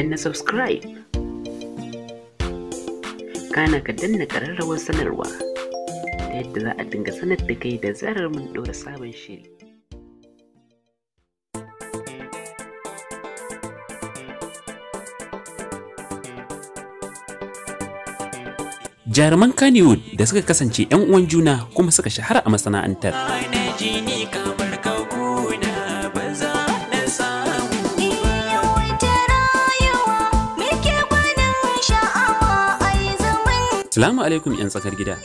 danna subscribe kana ka danna ƙararrawar sanarwa ta yadda za a dinga sanar da kai da zarar mun ɗora sabon shiri jaruman kaniwood da suka kasance 'yan uwan juna kuma suka shahara a masana'antar Salamu alaikum 'yan tsakar gida.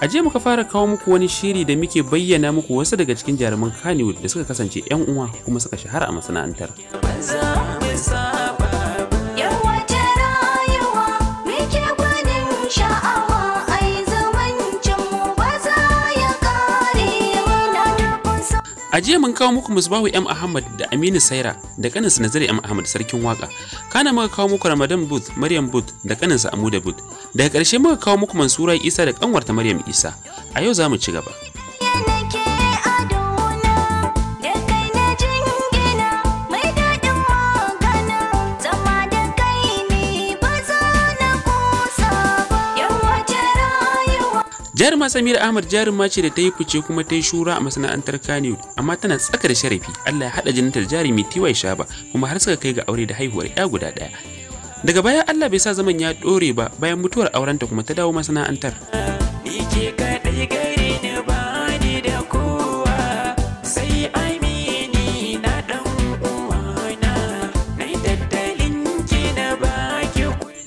A jiya muka fara kawo muku wani shiri da muke bayyana muku wasu daga cikin jaruman Kannywood da suka kasance 'yan uwa kuma suka shahara a masana'antar. A jiya mun kawo muku Musbahu M Ahmad da Aminu Saira da kaninsa Nazari M Ahmad sarkin waka. Kana muka kawo muku Ramadan Booth, Maryam Booth da kaninsa Amuda Booth. Daga ƙarshe muka kawo muku Mansura Isa da kanwarta Maryam Isa. A yau za mu ci gaba. jaruma samira ahmad jaruma ce da ta yi fice kuma ta yi shura a masana'antar Kano, amma tana tsaka da sharafi allah ya haɗa jari mai tiwai shaba kuma har suka kai ga aure da haihuwar ya guda ɗaya daga baya allah bai sa zaman ya ɗore ba bayan mutuwar aurenta kuma ta dawo masana'antar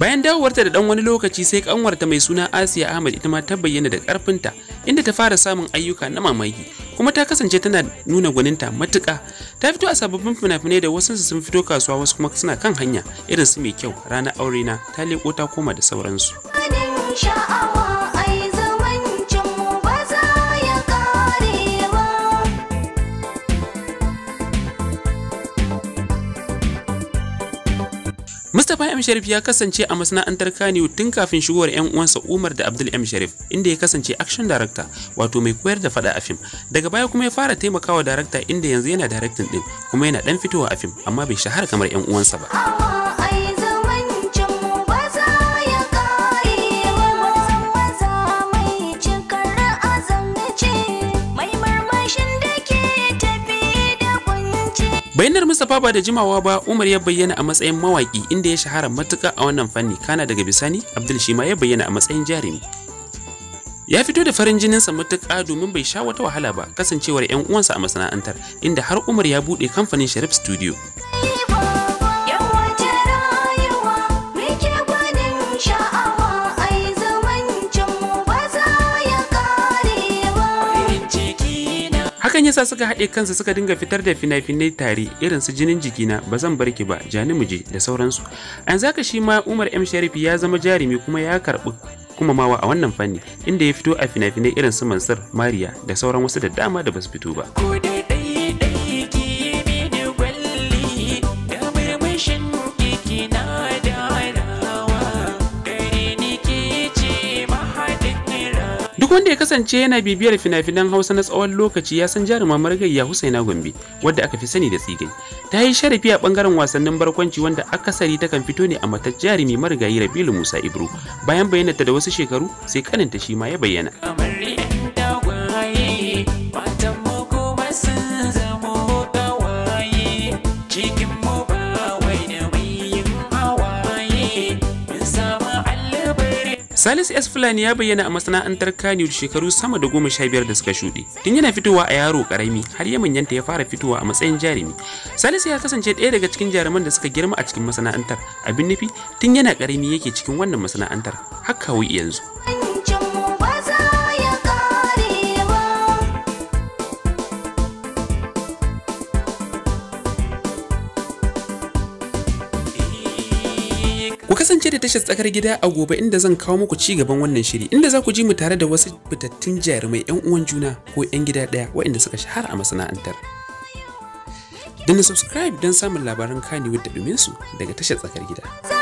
Bayan dawowarta da ɗan wani lokaci sai ƙanwarta mai suna Asiya Ahmad ita ma ta bayyana da ƙarfinta inda ta fara samun ayyuka na mamaki kuma ta kasance tana nuna gwaninta matuƙa. Ta fito a sababbin fina-finai da wasu sun fito kasuwa wasu kuma suna kan hanya irin su mai kyau ranar aure na ta leko ta koma da sauransu. Mustapha M Sharif ya kasance a masana'antar Kaniyu tun kafin shigowar 'yan uwansa Umar da Abdul M Sharif, inda ya kasance action director, wato mai koyar da fada a fim. Daga baya kuma ya fara taimakawa director inda yanzu yana directing din, kuma yana dan fitowa a fim, amma bai shahara kamar 'yan uwansa ba. Duniyar Mustapha ba da jimawa ba Umar ya bayyana a matsayin mawaki inda ya shahara matuƙa a wannan fanni kana daga bisani Abdul shima ya bayyana a matsayin jarumi. Ya fito da farin jininsa matuƙa domin bai sha wata wahala ba kasancewar 'yan uwansa a masana'antar inda har Umar ya buɗe kamfanin Sharif Studio. hakan yasa suka haɗe kansu suka dinga fitar da fina-finai tare irin su jinin jikina ba zan bar ki ba jani muje da sauransu an zaka shi ma umar m sharifi ya zama jarumi kuma ya karɓi kuma mawa a wannan fanni inda ya fito a fina-finai irin su mansur mariya da sauran wasu da dama da basu fito ba. Duk wanda ya kasance yana bibiyar fina-finan Hausa na tsawon lokaci ya san jarumar margayya Husaina Gombe wadda aka fi sani da tsigai. Ta yi sharafi a bangaren wasannin barkwanci wanda akasari takan fito ne a matar jarumi marigayi Rabilu Musa Ibro bayan ta da wasu shekaru sai kaninta shi ma ya bayyana. Salis S. Fulani ya bayyana a masana'antar Kanewd shekaru sama da goma sha biyar da suka shuɗe. Tun yana fitowa a yaro ƙarami har ya manyanta ya fara fitowa a matsayin jarumi. Salis ya kasance ɗaya daga cikin jaruman da suka girma a cikin masana'antar. Abin nufi tun yana ƙarami yake cikin wannan masana'antar. haka wai yanzu. Ku kasance da tashar tsakar gida a gobe inda zan kawo muku ci gaban wannan shiri inda za ku ji mu tare da wasu fitattun jarumai 'yan uwan juna ko 'yan gida ɗaya waɗanda suka shahara a masana'antar. Dana subscribe don samun labaran Kannywood da su daga tashar tsakar gida.